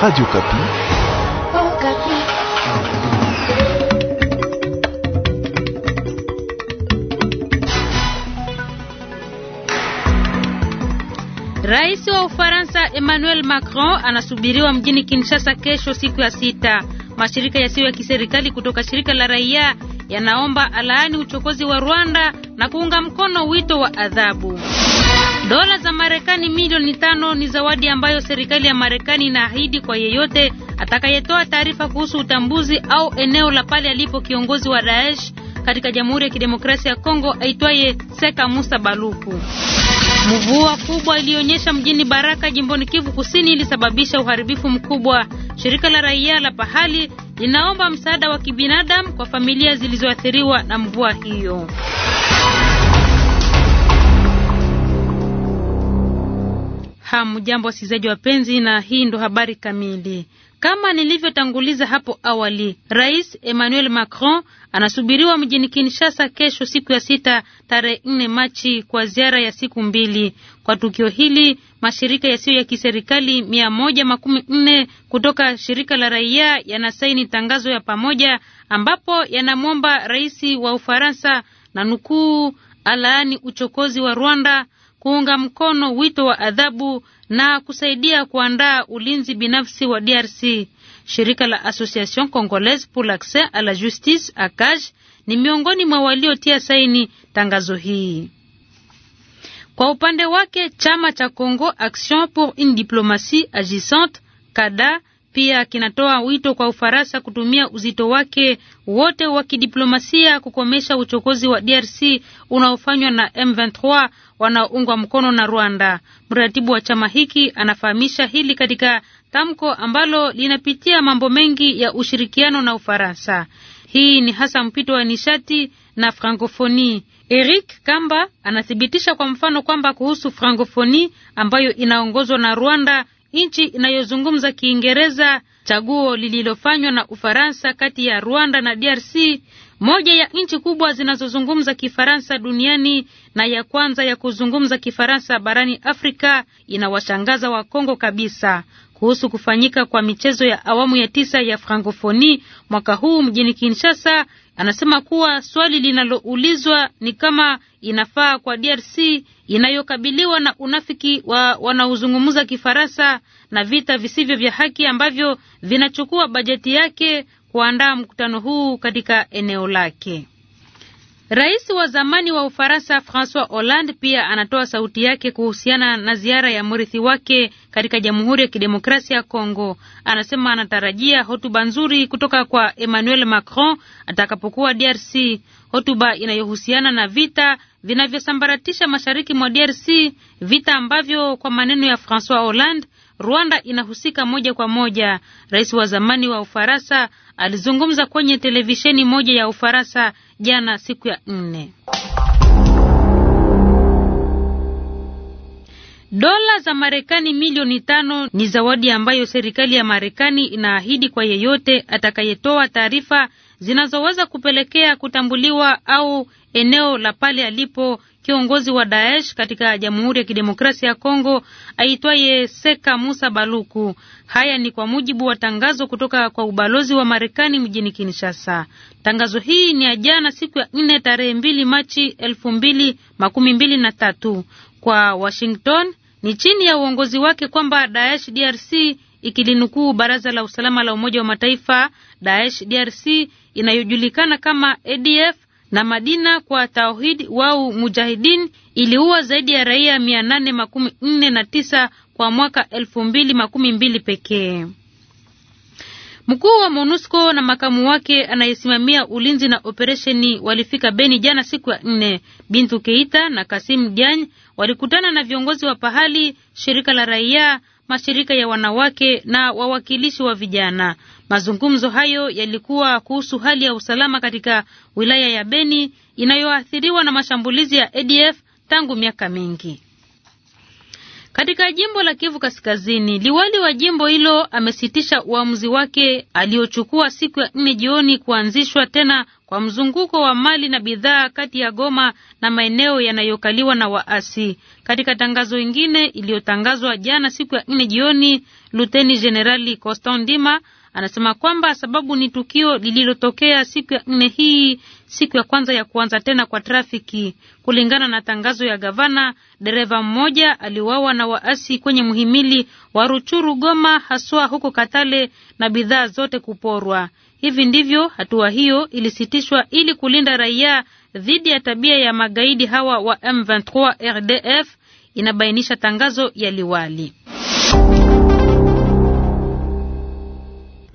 Radio Kapi. Oh, Kapi. Rais wa Ufaransa Emmanuel Macron anasubiriwa mjini Kinshasa kesho siku ya sita. Mashirika yasiyo ya kiserikali kutoka shirika la raia yanaomba alaani uchokozi wa Rwanda na kuunga mkono wito wa adhabu. Dola za Marekani milioni tano ni zawadi ambayo serikali ya Marekani inaahidi kwa yeyote atakayetoa taarifa kuhusu utambuzi au eneo la pale alipo kiongozi wa Daesh katika Jamhuri ya Kidemokrasia ya Kongo aitwaye Seka Musa Baluku. Mvua kubwa ilionyesha mjini Baraka jimboni Kivu Kusini ilisababisha uharibifu mkubwa. Shirika la raia la pahali linaomba msaada wa kibinadamu kwa familia zilizoathiriwa na mvua hiyo. Hamjambo wasikilizaji wapenzi, na hii ndo habari kamili. Kama nilivyotanguliza hapo awali, Rais Emmanuel Macron anasubiriwa mjini Kinshasa kesho, siku ya sita tarehe nne Machi, kwa ziara ya siku mbili. Kwa tukio hili, mashirika yasiyo ya kiserikali mia moja makumi nne kutoka shirika la raia yanasaini tangazo ya pamoja ambapo yanamwomba rais wa Ufaransa na nukuu, alaani uchokozi wa Rwanda kuunga mkono wito wa adhabu na kusaidia kuandaa ulinzi binafsi wa DRC. Shirika la Association Congolaise pour l'Accès à la Justice ACAJ ni miongoni mwa waliotia saini tangazo hii. Kwa upande wake chama cha Congo Action pour une Diplomatie Agissante kada pia kinatoa wito kwa Ufaransa kutumia uzito wake wote wa kidiplomasia kukomesha uchokozi wa DRC unaofanywa na M23 wanaoungwa mkono na Rwanda. Mratibu wa chama hiki anafahamisha hili katika tamko ambalo linapitia mambo mengi ya ushirikiano na Ufaransa. Hii ni hasa mpito wa nishati na frankofoni. Eric Kamba anathibitisha kwa mfano kwamba kuhusu frankofoni ambayo inaongozwa na Rwanda nchi inayozungumza Kiingereza, chaguo lililofanywa na Ufaransa kati ya Rwanda na DRC, moja ya nchi kubwa zinazozungumza Kifaransa duniani na ya kwanza ya kuzungumza Kifaransa barani Afrika, inawashangaza Wakongo kabisa kuhusu kufanyika kwa michezo ya awamu ya tisa ya frankofoni mwaka huu mjini Kinshasa, anasema kuwa swali linaloulizwa ni kama inafaa kwa DRC inayokabiliwa na unafiki wa wanaozungumza Kifaransa na vita visivyo vya haki ambavyo vinachukua bajeti yake kuandaa mkutano huu katika eneo lake. Rais wa zamani wa Ufaransa Francois Hollande pia anatoa sauti yake kuhusiana na ziara ya mrithi wake katika Jamhuri ya Kidemokrasia ya Kongo. Anasema anatarajia hotuba nzuri kutoka kwa Emmanuel Macron atakapokuwa DRC, hotuba inayohusiana na vita vinavyosambaratisha mashariki mwa DRC, vita ambavyo kwa maneno ya Francois Hollande Rwanda inahusika moja kwa moja. Rais wa zamani wa Ufaransa alizungumza kwenye televisheni moja ya Ufaransa jana siku ya nne. Dola za Marekani milioni tano ni zawadi ambayo serikali ya Marekani inaahidi kwa yeyote atakayetoa taarifa zinazoweza kupelekea kutambuliwa au eneo la pale alipo kiongozi wa Daesh katika Jamhuri ya Kidemokrasia ya Kongo aitwaye Seka Musa Baluku. Haya ni kwa mujibu wa tangazo kutoka kwa ubalozi wa Marekani mjini Kinshasa. Tangazo hii ni ya jana siku ya nne tarehe mbili Machi elfu mbili makumi mbili na tatu kwa Washington ni chini ya uongozi wake kwamba Daesh DRC ikilinukuu baraza la usalama la Umoja wa Mataifa, Daesh DRC inayojulikana kama ADF na Madina kwa Tauhid wau Mujahidin iliua zaidi ya raia mia nane makumi nne na tisa kwa mwaka elfu mbili makumi mbili pekee. Mkuu wa MONUSCO na makamu wake anayesimamia ulinzi na operesheni walifika Beni jana siku ya nne. Bintu Keita na Kasim Diagne walikutana na viongozi wa pahali, shirika la raia, mashirika ya wanawake na wawakilishi wa vijana. Mazungumzo hayo yalikuwa kuhusu hali ya usalama katika wilaya ya Beni inayoathiriwa na mashambulizi ya ADF tangu miaka mingi. Katika jimbo la Kivu Kaskazini, liwali wa jimbo hilo amesitisha uamuzi wake aliochukua siku ya nne jioni kuanzishwa tena kwa mzunguko wa mali na bidhaa kati ya Goma na maeneo yanayokaliwa na waasi. Katika tangazo ingine iliyotangazwa jana siku ya nne jioni, Luteni Jenerali Constant Ndima anasema kwamba sababu ni tukio lililotokea siku ya nne hii siku ya kwanza ya kuanza tena kwa trafiki. Kulingana na tangazo ya gavana, dereva mmoja aliuawa na waasi kwenye mhimili wa Ruchuru Goma, haswa huko Katale, na bidhaa zote kuporwa. Hivi ndivyo hatua hiyo ilisitishwa ili kulinda raia dhidi ya tabia ya magaidi hawa wa M23 RDF, inabainisha tangazo ya liwali.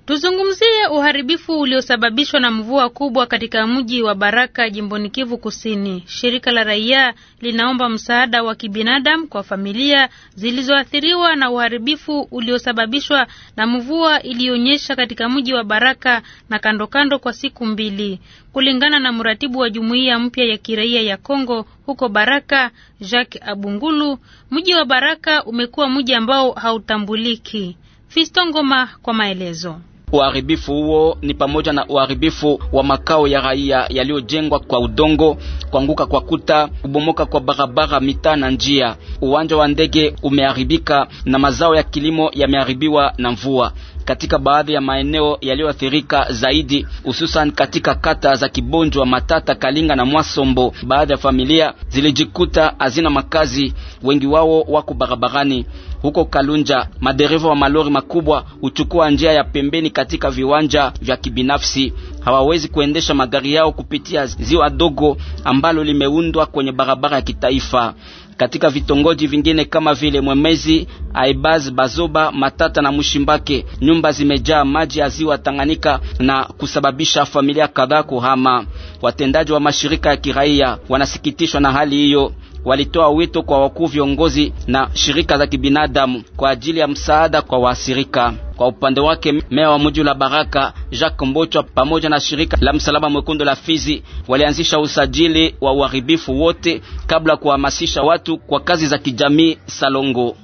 Tuzungumzie uharibifu uliosababishwa na mvua kubwa katika mji wa Baraka jimboni Kivu Kusini. Shirika la raia linaomba msaada wa kibinadamu kwa familia zilizoathiriwa na uharibifu uliosababishwa na mvua iliyonyesha katika mji wa Baraka na kandokando kando kwa siku mbili. Kulingana na mratibu wa jumuiya mpya ya kiraia ya Kongo huko Baraka, Jacques Abungulu, mji wa Baraka umekuwa mji ambao hautambuliki. Fisto Ngoma kwa maelezo. Uharibifu huo ni pamoja na uharibifu wa makao ya raia yaliyojengwa kwa udongo, kuanguka kwa kuta, kubomoka kwa barabara, mitaa na njia. Uwanja wa ndege umeharibika na mazao ya kilimo yameharibiwa na mvua katika baadhi ya maeneo yaliyoathirika zaidi, hususan katika kata za Kibonjwa, Matata, Kalinga na Mwasombo. Baadhi ya familia zilijikuta hazina makazi, wengi wao wako barabarani. Huko Kalunja, madereva wa malori makubwa huchukua njia ya pembeni katika viwanja vya kibinafsi. Hawawezi kuendesha magari yao kupitia ziwa dogo ambalo limeundwa kwenye barabara ya kitaifa katika vitongoji vingine kama vile Mwemezi, Aibaz, Bazoba, Matata na Mushimbake. Nyumba zimejaa maji ya ziwa Tanganyika na kusababisha familia kadhaa kuhama. Watendaji wa mashirika ya kiraia wanasikitishwa na hali hiyo walitoa wito kwa wakuu viongozi na shirika za kibinadamu kwa ajili ya msaada kwa waasirika. Kwa upande wake meya wa mji la Baraka Jacques Mbochwa pamoja na shirika la Msalaba Mwekundu la Fizi walianzisha usajili wa uharibifu wote kabla kuhamasisha watu kwa kazi za kijamii Salongo.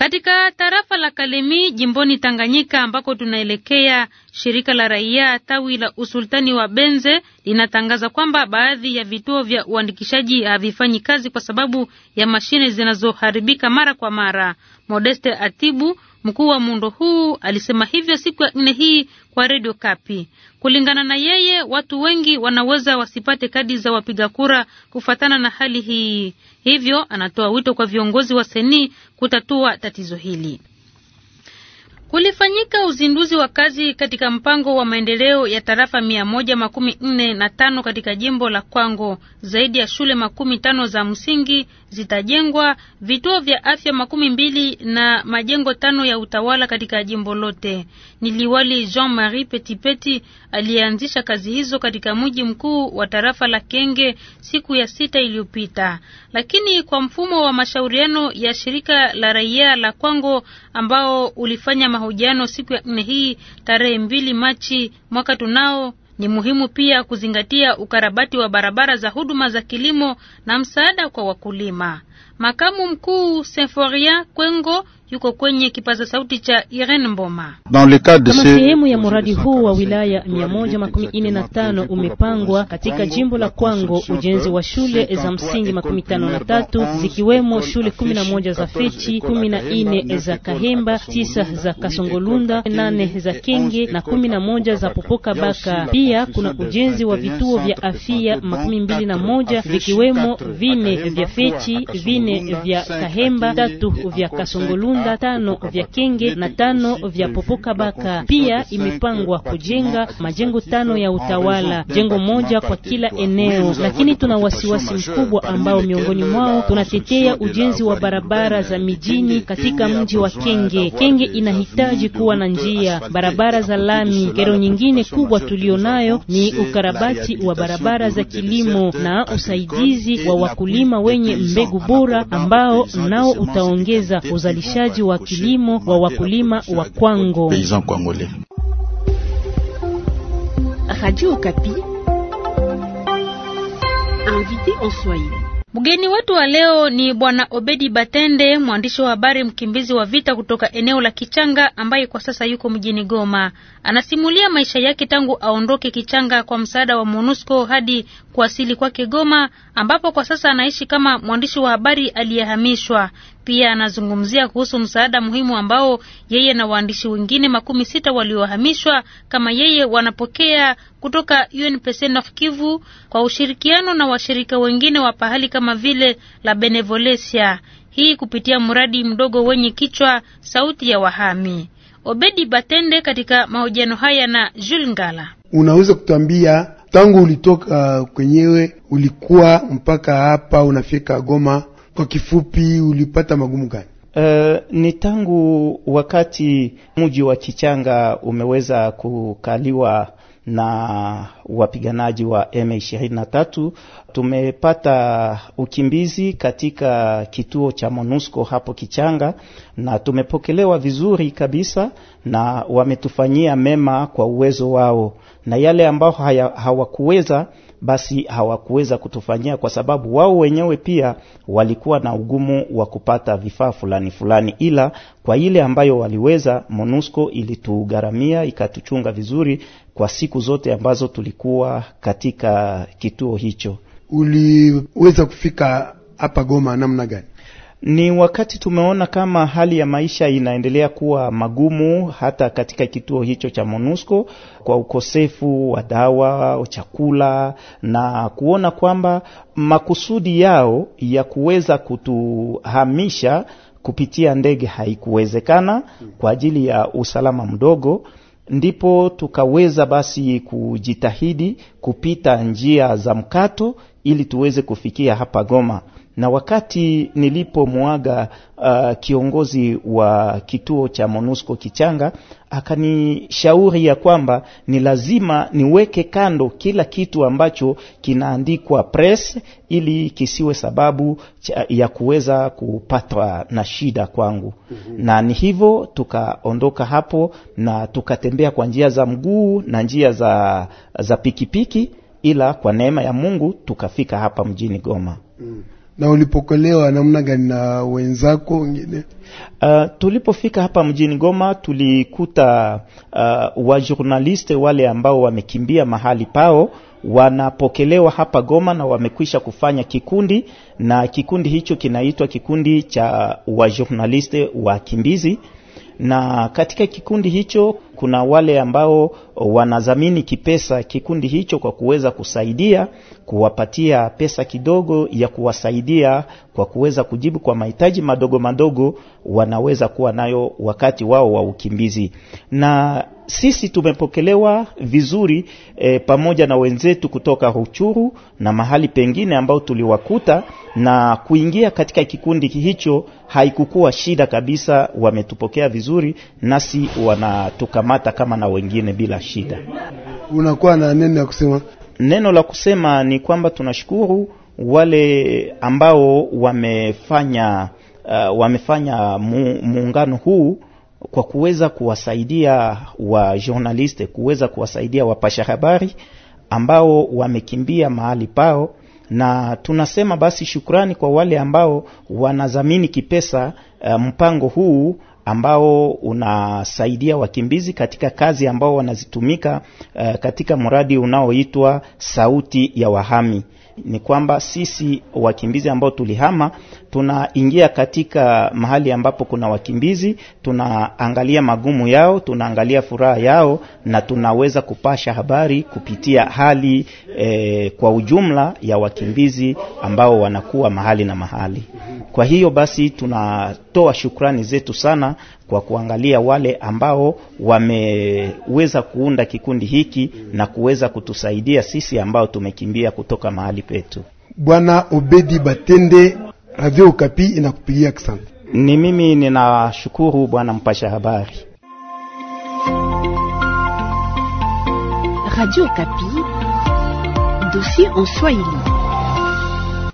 Katika tarafa la Kalemi jimboni Tanganyika ambako tunaelekea, shirika la raia tawi la usultani wa Benze linatangaza kwamba baadhi ya vituo vya uandikishaji havifanyi kazi kwa sababu ya mashine zinazoharibika mara kwa mara. Modeste Atibu Mkuu wa muundo huu alisema hivyo siku ya nne hii kwa redio Kapi. Kulingana na yeye, watu wengi wanaweza wasipate kadi za wapiga kura kufuatana na hali hii, hivyo anatoa wito kwa viongozi wa seni kutatua tatizo hili. Kulifanyika uzinduzi wa kazi katika mpango wa maendeleo ya tarafa mia moja makumi nne na tano katika jimbo la Kwango. Zaidi ya shule makumi tano za msingi zitajengwa vituo vya afya makumi mbili na majengo tano ya utawala katika jimbo lote. Ni liwali Jean-Marie Petipeti aliyeanzisha kazi hizo katika mji mkuu wa tarafa la Kenge siku ya sita iliyopita, lakini kwa mfumo wa mashauriano ya shirika la raia la Kwango ambao ulifanya mahojiano siku ya nne hii tarehe mbili Machi mwaka tunao ni muhimu pia kuzingatia ukarabati wa barabara za huduma za kilimo na msaada kwa wakulima. Makamu mkuu Symforia Kwengo yuko kwenye kipaza sauti cha Irene Mboma. Kama sehemu ya mradi huu wa wilaya 145 umepangwa katika jimbo la Kwango ujenzi wa shule za msingi 53 zikiwemo shule 11 za Fechi, 14 za Kahemba, 9 za Kasongolunda, 8 za Kenge na 11 za Popoka Baka. Pia kuna ujenzi wa vituo vya afya 21 vikiwemo vine vya Fechi, vine vya Kahemba, tatu vya Kasongolunda vibanda tano vya Kenge na tano vya Popokabaka. Pia imepangwa kujenga majengo tano ya utawala, jengo moja kwa kila eneo, lakini tuna wasiwasi mkubwa ambao miongoni mwao tunatetea ujenzi wa barabara za mijini katika mji wa Kenge. Kenge inahitaji kuwa na njia, barabara za lami. Kero nyingine kubwa tulionayo ni ukarabati wa barabara za kilimo na usaidizi wa wakulima wenye mbegu bora ambao nao utaongeza uzalishaji uboreshaji wa kilimo wa wakulima wa Kwango. Mgeni wetu wa leo ni Bwana Obedi Batende, mwandishi wa habari mkimbizi wa vita kutoka eneo la Kichanga ambaye kwa sasa yuko mjini Goma. Anasimulia maisha yake tangu aondoke Kichanga kwa msaada wa MONUSCO hadi kuasili kwake Goma ambapo kwa sasa anaishi kama mwandishi wa habari aliyehamishwa. Pia anazungumzia kuhusu msaada muhimu ambao yeye na waandishi wengine makumi sita waliohamishwa kama yeye wanapokea kutoka UNPC Nord Kivu kwa ushirikiano na washirika wengine wa pahali kama vile la Benevolencia, hii kupitia mradi mdogo wenye kichwa sauti ya wahami. Obedi Batende katika mahojiano haya na Jules Ngala. Unaweza kutambia tangu ulitoka kwenyewe ulikuwa mpaka hapa unafika Goma kwa kifupi, ulipata magumu gani? Uh, ni tangu wakati mji wa Kichanga umeweza kukaliwa na wapiganaji wa M23 tumepata ukimbizi katika kituo cha MONUSCO hapo Kichanga, na tumepokelewa vizuri kabisa, na wametufanyia mema kwa uwezo wao, na yale ambao hawakuweza basi hawakuweza kutufanyia kwa sababu wao wenyewe pia walikuwa na ugumu wa kupata vifaa fulani fulani, ila kwa ile ambayo waliweza, MONUSCO ilitugharamia ikatuchunga vizuri kwa siku zote ambazo tulikuwa katika kituo hicho. Uliweza kufika hapa Goma namna gani? Ni wakati tumeona kama hali ya maisha inaendelea kuwa magumu hata katika kituo hicho cha MONUSCO kwa ukosefu wa dawa, chakula na kuona kwamba makusudi yao ya kuweza kutuhamisha kupitia ndege haikuwezekana kwa ajili ya usalama mdogo ndipo tukaweza basi kujitahidi kupita njia za mkato ili tuweze kufikia hapa Goma na wakati nilipomwaga uh, kiongozi wa kituo cha MONUSCO Kichanga akanishauri ya kwamba ni lazima niweke kando kila kitu ambacho kinaandikwa press ili kisiwe sababu cha, ya kuweza kupatwa na shida kwangu. mm -hmm. Na ni hivyo tukaondoka hapo na tukatembea kwa njia za mguu na njia za, za pikipiki, ila kwa neema ya Mungu tukafika hapa mjini Goma. mm na ulipokelewa namna gani na wenzako wengine? Uh, tulipofika hapa mjini Goma tulikuta uh, wajournaliste wale ambao wamekimbia mahali pao wanapokelewa hapa Goma na wamekwisha kufanya kikundi, na kikundi hicho kinaitwa kikundi cha wajournaliste wakimbizi, na katika kikundi hicho kuna wale ambao wanadhamini kipesa kikundi hicho kwa kuweza kusaidia kuwapatia pesa kidogo ya kuwasaidia kwa kuweza kujibu kwa mahitaji madogo madogo wanaweza kuwa nayo wakati wao wa ukimbizi. Na sisi tumepokelewa vizuri e, pamoja na wenzetu kutoka Ruchuru na mahali pengine ambao tuliwakuta, na kuingia katika kikundi hicho haikukuwa shida kabisa. Wametupokea vizuri, nasi wanatukamata kama na wengine bila shida. Unakuwa na neno ya kusema? Neno la kusema ni kwamba tunashukuru wale ambao wamefanya uh, wamefanya muungano huu kwa kuweza kuwasaidia wa journaliste kuweza kuwasaidia wapasha habari ambao wamekimbia mahali pao, na tunasema basi shukrani kwa wale ambao wanadhamini kipesa uh, mpango huu ambao unasaidia wakimbizi katika kazi ambao wanazitumika uh, katika mradi unaoitwa Sauti ya Wahami. Ni kwamba sisi wakimbizi ambao tulihama tunaingia katika mahali ambapo kuna wakimbizi, tunaangalia magumu yao, tunaangalia furaha yao, na tunaweza kupasha habari kupitia hali eh, kwa ujumla ya wakimbizi ambao wanakuwa mahali na mahali. Kwa hiyo basi tuna toa shukrani zetu sana kwa kuangalia wale ambao wameweza kuunda kikundi hiki na kuweza kutusaidia sisi ambao tumekimbia kutoka mahali petu. Bwana Obedi Batende, Radio Okapi inakupigia asante. Ni mimi ninashukuru bwana mpasha habari. Radio Okapi, dossier en Swahili.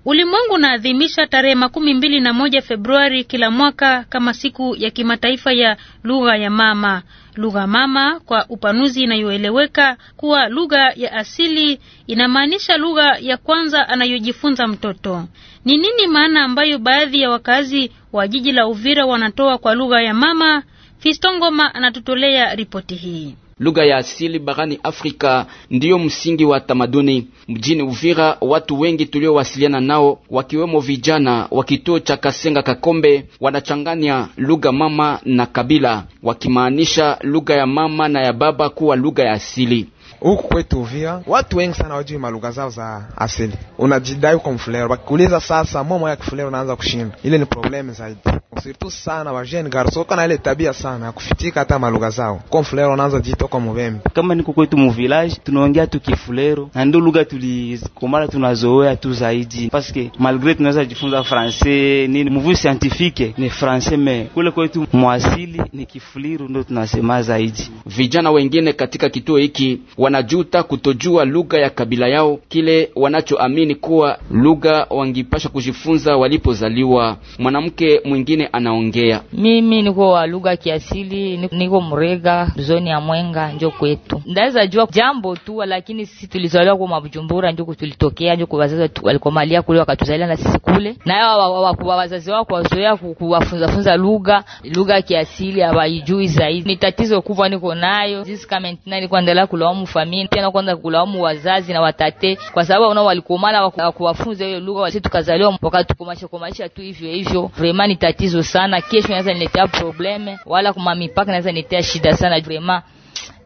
Ulimwengu unaadhimisha tarehe makumi mbili na moja Februari kila mwaka kama siku ya kimataifa ya lugha ya mama. Lugha mama kwa upanuzi inayoeleweka kuwa lugha ya asili inamaanisha lugha ya kwanza anayojifunza mtoto. Ni nini maana ambayo baadhi ya wakazi wa jiji la Uvira wanatoa kwa lugha ya mama? fistongoma Ngoma anatutolea ripoti hii lugha ya asili barani Afrika ndiyo msingi wa tamaduni. Mjini Uvira, watu wengi tuliowasiliana nao wakiwemo vijana wa kituo cha Kasenga Kakombe wanachanganya lugha mama na kabila, wakimaanisha lugha ya mama na ya baba kuwa lugha ya asili huku kwetu Uvira watu wengi sana wajui malugha zao za asili. Unajidai uko mfulero, wakikuuliza sasa mwa ya kifulero unaanza kushinda. Ile ni problem zaidi, surtout sana wa jeune garso kana ile tabia sana kufitika hata malugha zao. Kwa mfulero unaanza jito kwa mubembe. Kama niko kwetu mu village tunaongea tu kifulero na ndio lugha tulikomala tunazoea tu zaidi, paske malgre tunaweza jifunza français nini mvu scientifique ni français me kule kwetu mwasili ni kifuliro ndo tunasema zaidi. Vijana wengine katika kituo hiki wanajuta kutojua lugha ya kabila yao, kile wanachoamini kuwa lugha wangipasha kujifunza walipozaliwa. Mwanamke mwingine anaongea, mimi niko wa lugha ya kiasili, niko Murega zoni ya Mwenga, njo kwetu ndaweza jua jambo tu, lakini sisi tulizaliwa kwa Mabujumbura, njo tulitokea, njo kwa wazazi walikomalia kule wakatuzalia na sisi kule, na wao wazazi wao kuwazoea kuwafunzafunza lugha lugha ya kiasili hawaijui zaidi. Ni tatizo kubwa niko nayo sisi kama nilikuwa endelea kulaumu famille tena kwanza kulaumu wazazi na watate, kwa sababu wanao walikomala kuwafunza hiyo lugha. Sisi tukazaliwa wakati tukomasha komasha tu hivyo hivyo, vraiment ni tatizo sana. Kesho naweza niletea probleme, wala kuma mipaka naweza niletea shida sana, vraiment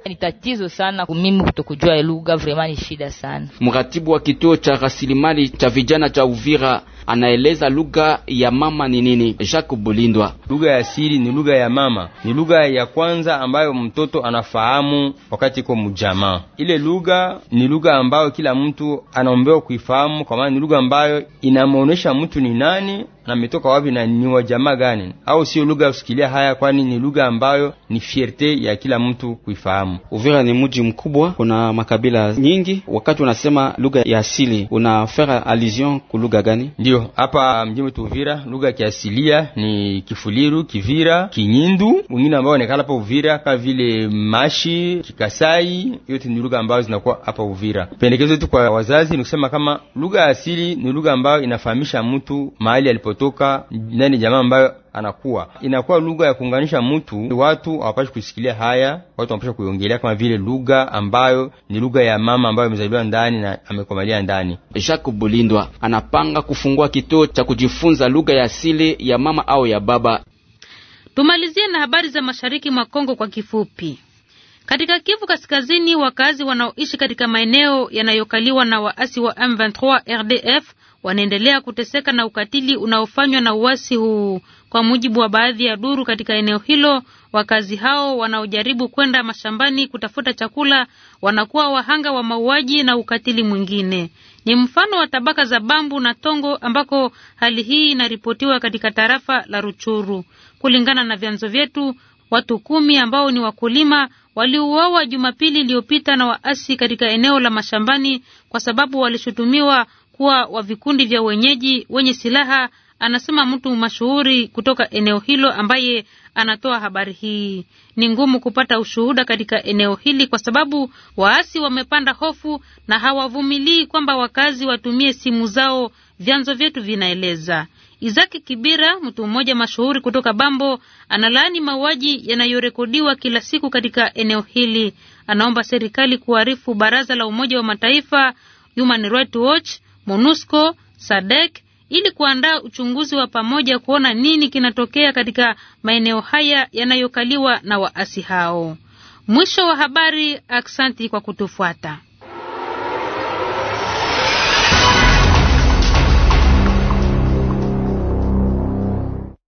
ni tatizo sana kumimi kutokujua lugha, vraiment ni shida sana. Mratibu wa kituo cha rasilimali cha vijana cha Uvira anaeleza lugha ya mama ni nini. Jacques Bulindwa: lugha ya asili ni lugha ya mama, ni lugha ya kwanza ambayo mtoto anafahamu wakati ko mjamaa. Ile lugha ni lugha ambayo kila mtu anaombewa kuifahamu, kwa maana ni lugha ambayo inamwonyesha mtu ni nani na ametoka wapi na ni wa jamaa gani, au sio? Lugha ya kusikilia haya, kwani ni lugha ambayo ni fierte ya kila mtu kuifahamu. Uvira ni mji mkubwa, kuna makabila nyingi. Wakati unasema lugha ya asili, unafera allusion ku lugha gani? Ndio hapa mjini Uvira lugha ya kiasilia ni Kifuliru, Kivira, Kinyindu, wengine ambao wanakala hapa Uvira kama vile Mashi, Kikasai, yote ni lugha ambazo zinakuwa hapa Uvira. Pendekezo letu kwa wazazi ni kusema kama lugha ya asili ni lugha ambayo inafahamisha mtu mahali alipotoka, nani jamaa ambayo anakuwa inakuwa lugha ya kuunganisha mtu. Watu hawapashi kusikilia haya, watu wanapasha kuiongelea kama vile lugha ambayo ni lugha ya mama ambayo amezaliwa ndani na amekomalia ndani. Jacques Bulindwa anapanga kufungua kituo cha kujifunza lugha ya asili ya mama au ya baba. Tumalizie na habari za mashariki mwa Kongo kwa kifupi. Katika Kivu Kaskazini, wakazi wanaoishi katika maeneo yanayokaliwa na waasi wa M23 RDF wanaendelea kuteseka na ukatili unaofanywa na uasi huu. Kwa mujibu wa baadhi ya duru katika eneo hilo, wakazi hao wanaojaribu kwenda mashambani kutafuta chakula wanakuwa wahanga wa mauaji na ukatili mwingine. Ni mfano wa tabaka za Bambu na Tongo ambako hali hii inaripotiwa katika tarafa la Ruchuru. Kulingana na vyanzo vyetu, watu kumi ambao ni wakulima waliuawa Jumapili iliyopita na waasi katika eneo la mashambani kwa sababu walishutumiwa kuwa wa vikundi vya wenyeji wenye silaha, anasema mtu mashuhuri kutoka eneo hilo ambaye anatoa habari hii. Ni ngumu kupata ushuhuda katika eneo hili kwa sababu waasi wamepanda hofu na hawavumilii kwamba wakazi watumie simu zao, vyanzo vyetu vinaeleza. Izaki Kibira, mtu mmoja mashuhuri kutoka Bambo, analaani mauaji yanayorekodiwa kila siku katika eneo hili. Anaomba serikali kuarifu Baraza la Umoja wa Mataifa, Human Rights Watch MONUSCO, SADC ili kuandaa uchunguzi wa pamoja kuona nini kinatokea katika maeneo haya yanayokaliwa na waasi hao. Mwisho wa habari. Aksanti kwa kutufuata.